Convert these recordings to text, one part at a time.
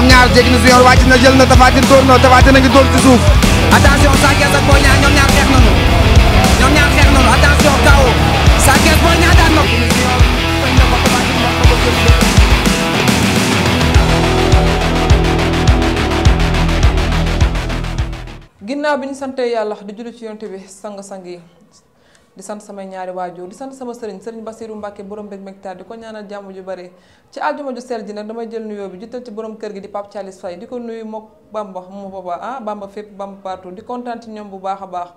ñoom ñaar jéggi na su yor wàcc na jël na Tapha Tine dóor na Tapha Tine a ngi dóor ci suuf attention Sa Thiès ñaar xeex nañu ñoom ñaar xeex nañu attention kaw Sa Thiès Boy Niang daan na ginnaaw bi ñu sante yàlla di julli ci yonte bi sang-sang yi di sant ñaari waajur di sant sama sëriñ sëriñ Basiru Mbàkke borom bég mégtaar di ko ñaanal jàmm ju bare ci aljuma ju sell ji jël nuyoo bi jiital ci borom kër gi di Pape Thialis di ko nuyu mook Bamba mu baba ah Bamba fépp Bamba partout di kontaan ci ñoom bu baax a baax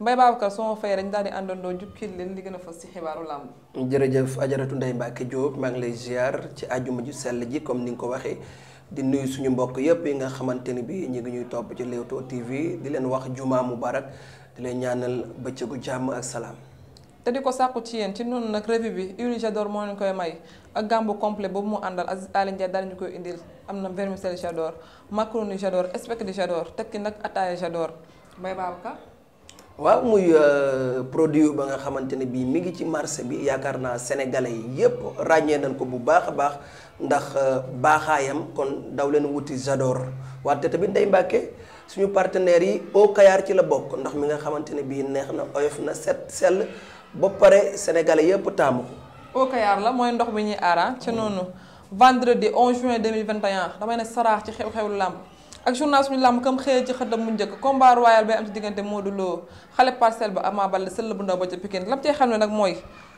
Mbaye Babacar soo fay rek daal di àndandoo jukkil leen li gën a fas ci xibaaru làmb jërëjëf ajaratu Ndeye Mbacke Diop maa ngi lay ziar ci aljuma ju sell ji comme ni nga ko waxee di nuyu suñu mbokk yépp yi nga xamante ni bi ñu ngi ñuy topp ci Leewtoo TV di leen wax mu mubarak di leen ñaanal bëccëgu jàmm ak salaam. te di ko sàkku ci yéen ci noonu nag revue bi Unijador moo leen koy may ak gàmbu complet boobu mu àndal ak Aly Ndiaye daal ñu koy indi am na vermicelle Jador macaroni Jador spec di Jador tekki nag ataaya Jador Mbaye Babacar. waaw muy euh, produit ba nga xamante ne bii mi ngi ci marché bi yaakaar naa sénégalais yi yépp ràññee nañ ko bu baax a baax ndax euh, baaxaayam kon daw leen wuti Jador wante tamit day mbàkkee. suñu partenaires yi o Kayar ci la bokk ndox mi nga xamante ne bii neex na oyof na set sel ba pare sénégalais yëpp taamu o au Kayar la mooy ndox mi ñuy aara ca noonu vendredi 11 juin 2021 damay ne saraax ci xew-xewu làmb ak journal suñu làmb kam xëyee ci xëddam mu njëkk combat royal bay am ci diggante Modou Lo xale parcel ba Ama Baldé sëll bu ndaw ba ca Pikine lam cee xam ne nag mooy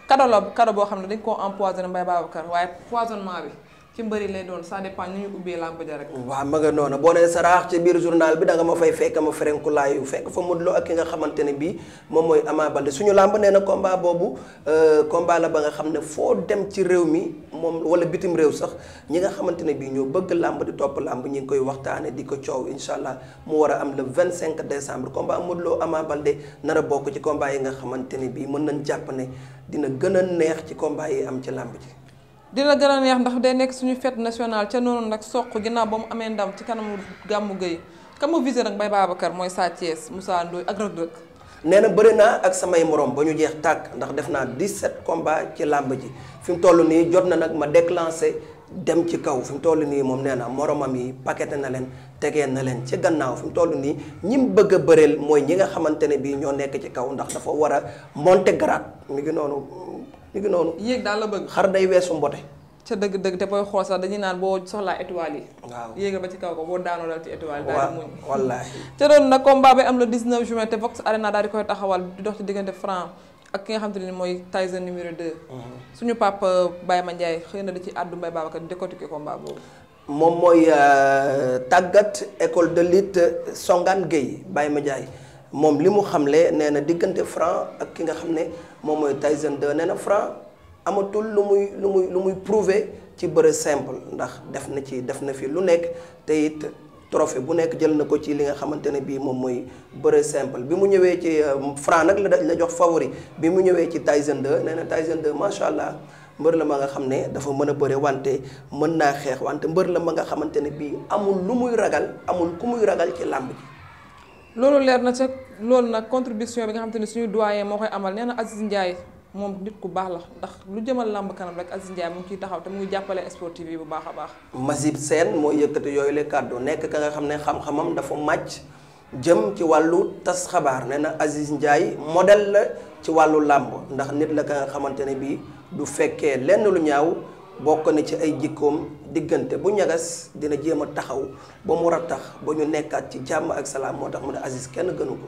kado la kado boo xam ne dañ koo empoisonné Mbaye Babacar waaye poisonnement bi ci mbëri lay doon ça dépend ñu ñu ubbee làmb ja rek. waaw ma nga noonu boo nee saraax ci biir journal bi danga ma fay fekk ma ferenkulaayu fekk fa Modou Lo ak ki nga xamante ne bii moom mooy Ama Baldé suñu làmb nee na combat boobu euh, combat la ba nga xam ne foo dem ci réew mi moom wala bitim réew sax ñi nga xamante ne bii ñoo bëgg làmb di topp làmb ñi ngi koy waxtaane di ko coow incha allah mu war a am le vingt cinq decembre komba Lo Ama Baldé nara bokk ci combat yi nga xamante ne bii mën nañ jàpp ne dina gën a neex ci combat yi am ci làmb ji. dina gën a neex ndax day nekk suñu fête nationale ca noonu nag soq ginnaaw ba mu amee ndam ci kanamu gàmmu gëy ka mu visé nag Mbaye Babacar mooy Sa Thiès Moussa Ndoye ak Reug Reug nee na bëri naa ak samay morom ba ñu jeex tàkk ndax def naa 17 combats ci làmb ji fi mu toll nii jot na nag ma déclenché dem ci kaw fi mu toll nii moom nee na moromam yi paqueté na leen tegee na leen ci gannaaw fi mu toll nii ñi mu bëgg a bëreel mooy ñi nga xamante ne bii ñoo nekk ci kaw ndax dafa war a monter grade mi ngi noonu. li ngi noonu. yéeg daal la bëgg. xar day weesu mbote. ca dëgg dëgg te booy xool sax dañuy naan boo soxlaa étoile yi. waaw yéegal ba ci kaw ko boo daanoo dal ci étoile. daal di muñ wallaahi. ca doon nag am le 19 juin te Vox Arena daal di koy taxawal di dox ci diggante Franc ak ki nga xam te ne mooy Tyson numéro 2. Mhm. suñu baay ma Mandiaye xëy na da ci àddu Mbaye Babacar di décortiquer combat boobu. moom mooy euh, tàggat école de lutte Songane Gueye ma Mandiaye. moom li mu xamle nee na diggante Franc ak ki nga xam ne moom mooy Tyson 2 nee na Franc amatul lu muy lu muy lu muy prouver ci bëre simple ndax def na ci def na fi lu nekk te it trophée bu nekk jël na ko ci li nga xamante ne bii moom mooy bëre simple bi mu ñëwee ci euh, Franc nag la la jox favori bi mu ñëwee ci Tyson 2 nee na Tyson 2 macha allah. mbër la ma nga xam ne dafa mën a bëre wante mën naa xeex wante mbër la ma nga xamante ne bii amul lu muy ragal amul ku muy ragal ci làmb loolu leer na ca loolu nag contribution bi nga xam ne suñu doyen moo koy amal nee na Aziz Ndiaye moom nit ku baax la ndax lu jëmal làmb kanam rek Aziz Ndiaye mu ngi ciy taxaw te mu jàppale sportif bu baax a baax. Masib Sène mooy yëkkati yooyu la kàddu nekk ka nga xam ne xam-xamam dafa jëm ci wàllu tas xabaar nee na Aziz Ndiaye modèle la ci wàllu làmb ndax nit la ka nga xamante ne bii du fekkee lenn lu ñaaw. bokk na ci ay jikkoom diggante bu ñagas dina jéem a taxaw ba mu rattax ba ñu nekkaat ci jàmm ak salaam moo tax mu a Aziz kenn gënu ko.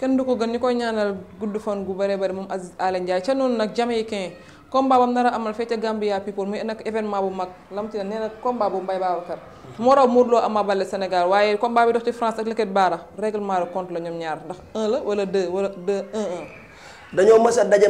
kenn du ko gën ñu koy ñaanal gudd fan gu bëree bëri moom Aziz Aly Ndiaye ca noonu nag Jamaïcain combat bam nar a amal fee ca Gambia people muy nag événement bu mag lam ci ne nee na combat bu Mbaye Babacar. moo raw Modou Lo Ama Baldé Sénégal waaye combat bi dox ci France ak Leket Baara règlement de compte la ñoom ndax la wala 2 wala 2 dañoo mës a daje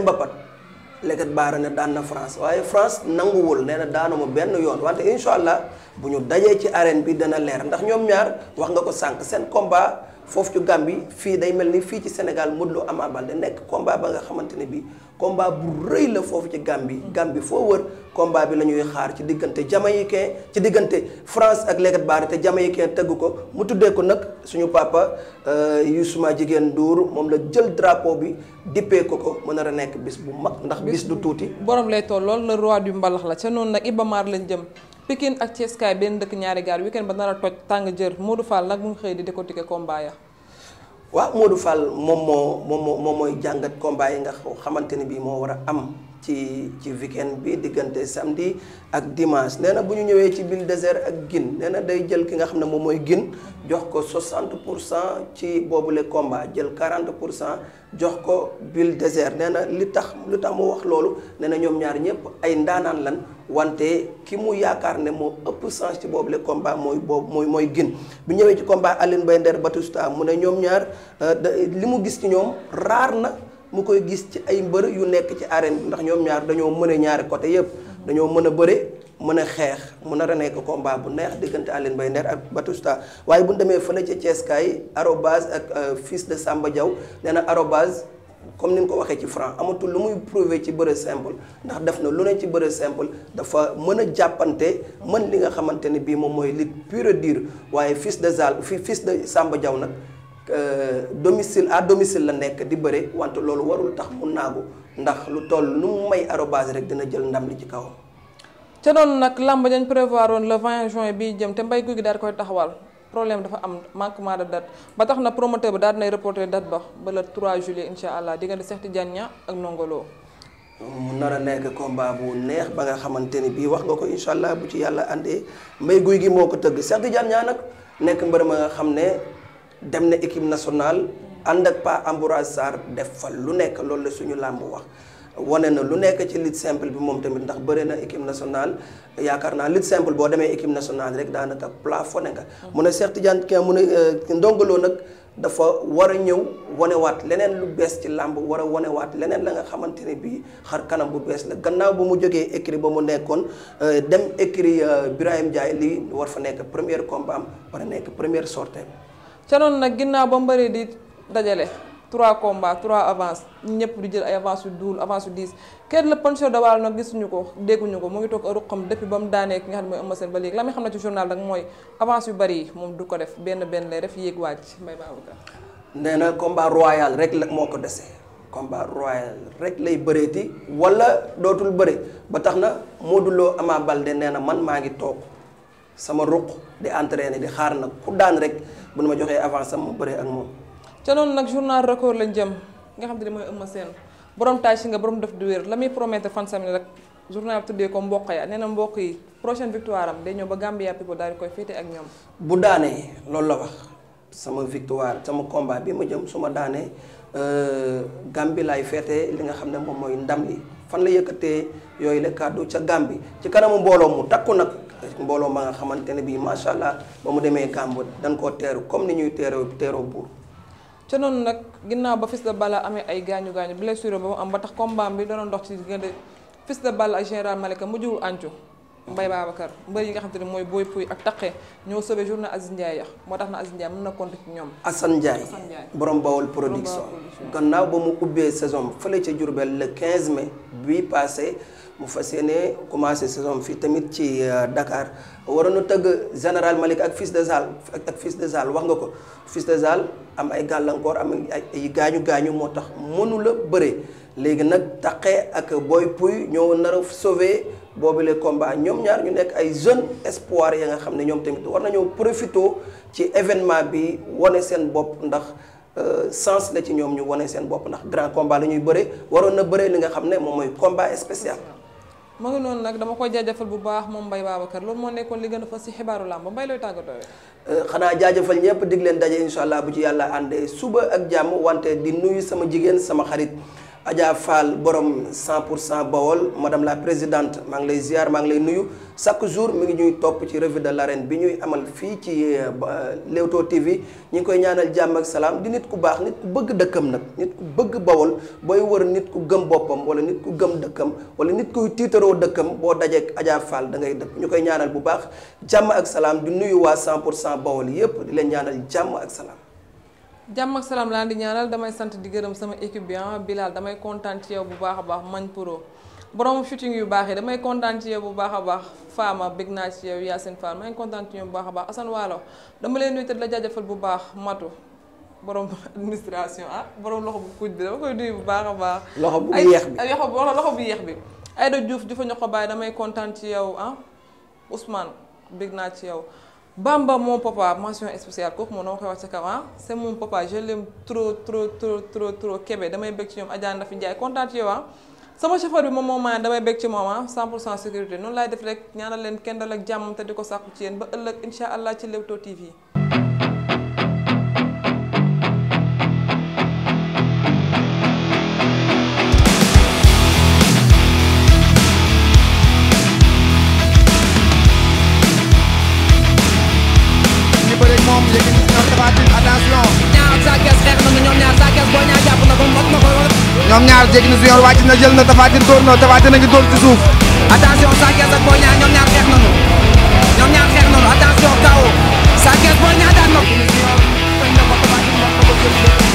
Leket Baara ne daan na France waaye France nanguwul nee na ma benn yoon wante incha allah bu ñu dajee ci arène bi dana leer ndax ñoom ñaar wax nga ko sànq seen combat. foofu ci Gambie fii day mel ni fii ci Sénégal Modou Lo Ama Baldé nekk komba ba nga xamante ne bii combat bu rëy la foofu ci Gambie Gambie foo wër combat bi la ñuy xaar ci diggante jamaïcain ci diggante France ak Légat Baare te jamaïcain tëgg ko mu tuddee ko nag suñu papa euh, suma jigéen duur moom la jël drapeau bi dippee ko ko mën a nekk bis bu mag ndax bis du tuuti. borom lay tollool loolu la roi du mbalax la ca noonu nag Ibamar lañ jëm. Pikine ak Thiès benn dëkk ñaari gaar weekend ba nar a toj tàng jër Modou Fall nag mu ngi xëy di décortiquer combat ya waaw Modou Fall moom moo moom moo moom mooy jàngat combat yi nga xamante ne bii moo war a am ci ci weekend bi diggante samedi ak dimanche nee na bu ñu ñëwee ci Ville désert ak Guine nee day jël ki nga xam ne moom mooy Guine jox ko 60 pour cent ci boobule combat jël quarante pour cent jox ko Ville désert nee li tax li tax mu wax loolu nee na ñoom ñaar ñëpp ay ndaanaan lan wante ki mu yaakaar ne moo ëpp chance ci boobule combat mooy boobu mooy mooy Guine bu ñëwee ci combat Aline Bay Nder Batista mu ne ñoom ñaar euh, li mu gis ci ñoom raar na. mu koy gis ci ay mbër yu nekk ci arène ndax ñoom ñaar dañoo mën a ñaari côté yëpp dañoo mën a bëre mën a xeex mën a ko combat bu neex diggante Alioune bay Nder ak batusta waaye bu ñu demee fële ca Thiès kaay arobase ak euh, fils de Samba jaw nee na comme ni nga ko waxee ci franc amatul lu muy prouver ci bëre simple ndax def na lu ne ci bëre simple dafa mën a jàppante mën li nga xamante ne bii moom mooy lutte pure diir waaye fils de Zal fils de Samba Diaw nag. Euh, domicile a domicile la nekk di bëre wante loolu warul tax mu naagu ndax lu toll nu mu may arobase rek dina jël ndam li ci kaw ca noonu nag làmb dañ prévoir woon le 20 juin bi jëm te mbay guy gi daal koy taxawal problème dafa am manquement de date ba tax na promoteur bi daal dinay reporter date ba ba la 3 juillet incha allah diggante Cheikh Tidiane Niang ak Nongolo. mu nar a nekk combat bu neex ba nga xamante ni bii wax nga ko incha allah bu ci yàlla àndee mbay guy gi moo ko tëgg dem na équipe nationale ànd ak Pa Ambourage Sarr def fa lu nekk loolu la suñu làmb wax wane na lu nekk ci lutte simple bi moom tamit ndax bëri na équipe nationale yaakaar naa lutte simple boo demee équipe nationale rek daanaka plafonné nga mm-hmm. mun a Cheikh Tidiane Dieng mu ne euh, ndongoloo nag dafa war a ñëw wanewaat leneen lu bees ci làmb war a wanewaat leneen la nga xamante ne bii xar kanam bu bees la gannaaw bu mu jógee écrit ba mu nekkoon euh, dem écrit euh, Birahim Ndiaye lii war fa nekk première combat am war nekk première sortie ca noonu nag ginnaaw ba mu bëree di dajale trois combats trois avance ñëpp di jël ay avance yu duul avance yu diis kenn la Ponicheur de Waalo nag gisuñu ko dégguñu ko mu ngi toog ruqam depuis ba mu daanee ki nga xam ne mooy Eumeu Sène ba léegi la muy mooy avance yu bari yi moom du ko def benn benn lay def yéeg waaj mbay Babacar nee na combat royal rek la moo ko dese combat rek lay bëreeti wala dootul bëre ba tax na Modou Lo Ama Baldé nee na man maa ngi toog sama ruq di entraîné di xaar nag ku daan rek bu nu ma joxee avance sama bëree ak moom. ca noonu nag journal record lañ jëm nga xam ne mooy Eumeu Sène borom taay si nga borom def du la muy promettre fan sami rek journal bi tuddee mboq ya nee na mboq yi prochaine victoire am day ñëw ba Gambia people daal koy féete ak ñoom. bu daanee loolu la wax sama victoire sama combat bi ma jëm su ma daanee euh, Gambie laay féete li nga xam ne moom mooy ndam li fan la yëkkatee yooyu la kàddu ca Gambie ci kanamu mbooloo mu takku nag. mbooloo ma nga xamante ne bii macha allah ba mu demee Gàmbu dañ koo teeru comme ni ñuy teeroo teeroo buur. ca noonu nag ginnaaw ba Fils de Balla amee ay gaañu gaañu blessure ba mu am ba tax comme combat bi danoon dox ci diggante Fils de Balla ak général Malika mujjul àncu. Mbaye Babacar mbër yi nga xam te ne mooy booy Pouy ak Taqe ñoo sauvé journée na Ndiaye yax moo tax na Aziz Ndiaye mën na compter ci ñoom. Assane borom Bawol production gannaaw ba mu ubbee saison fële ca Diourbel le 15 mai bii passé. mu fas yéene commencé saison fii tamit ci euh, Dakar waroon na tëgg général Malick ak fils de Zal ak fils de Zal wax nga ko fils de Zal am ay gàllankoor am ay gaañu gaañu moo tax mënu la bëre léegi nag taqee ak booy puy ñoo nar a sauver boobule combat ñoom ñaar ñu nekk ay jeune espoir ya nga xam ne ñoom tamit war na nañoo profité ci événement bi wane seen bopp ndax. Euh, sens la ci ñoom ñu wane seen bopp ndax grand combat la ñuy bëre waroon na bëre li nga xam ne moom mooy combat spécial ma ngi noonu nag dama koy jaajëfal bu baax moom Mbaye Babacar loolu moo nekkoon li gën a fas ci xibaaru làmb Mbaye looy tàggatoo euh, xanaa jaajafal ñëpp dig leen daje incha allah bu ci yàlla àndee suba ak jàmm wante di nuyu sama jigéen sama xarit Adja Fall borom cent pour cent Bawol madame la présidente maa ngi lay ziar maa ngi lay nuyu chaque jour mu ngi ñuy topp ci revue de l'arène bi ñuy amal fii ci euh, euh, léoto TV ñi ngi koy ñaanal jàmm ak salaam di nit ku baax nit ku bëgg dëkkam nag nit ku bëgg Bawol booy wër nit ku gëm boppam wala nit ku gëm dëkkam wala nit kuy tiitaroo dëkkam boo dajeek Adja Fall da ngay dëkk ñu koy ñaanal bu baax jàmm ak salaam di nuyu waa 100 pour cent Bawol yépp di leen ñaanal jàmm ak salaam jàmm ak salaam laa di ñaanal damay sant di gërëm sama équipe bi ah, Bilal damay kontaan ci yow bu baax a baax mañ pro borom yu baax damay kontaan bu baax a baax Fama bég naa ci yow Yacine Fall maa ngi bu baax a baax Waalo dama leen nuyu te la jaajëfal bu baax matu borom administration ah borom loxo bu kuj bi dama koy nuyu bu baax a baax. loxo bu yeex bi ay loxo bu yeex bi. Aïda Diouf Diouf ñu ko damay kontaan ci yow ah Ousmane bég naa ci yow. Bamba mon papa mention spéciale kooku moom dama koy wax ca kaw ah c'est mon papa je l'aime trop trop trop trop trop Kébé damay bëgg ci ñoom Adja Ndafi Ndiaye kontaan ci yow ah sama chauffeur bi moom moom maa damay bëgg ci moom ah 100 pour cent sécurité noonu laay def rek ñaanal leen kenn dal ak jàmm te di ko sàkku ci yeen ba ëllëg incha allah ci Leewtoo TV. ñoom ñaar jéggi na su yor wàcc na jël na Tapha Tine dóor a ngi dóor ci suuf attention Sa Thiès ak Boy Niang ñoom ñaar xeex nañu ñoom ñaar xeex nañu attention kaw Sa daan na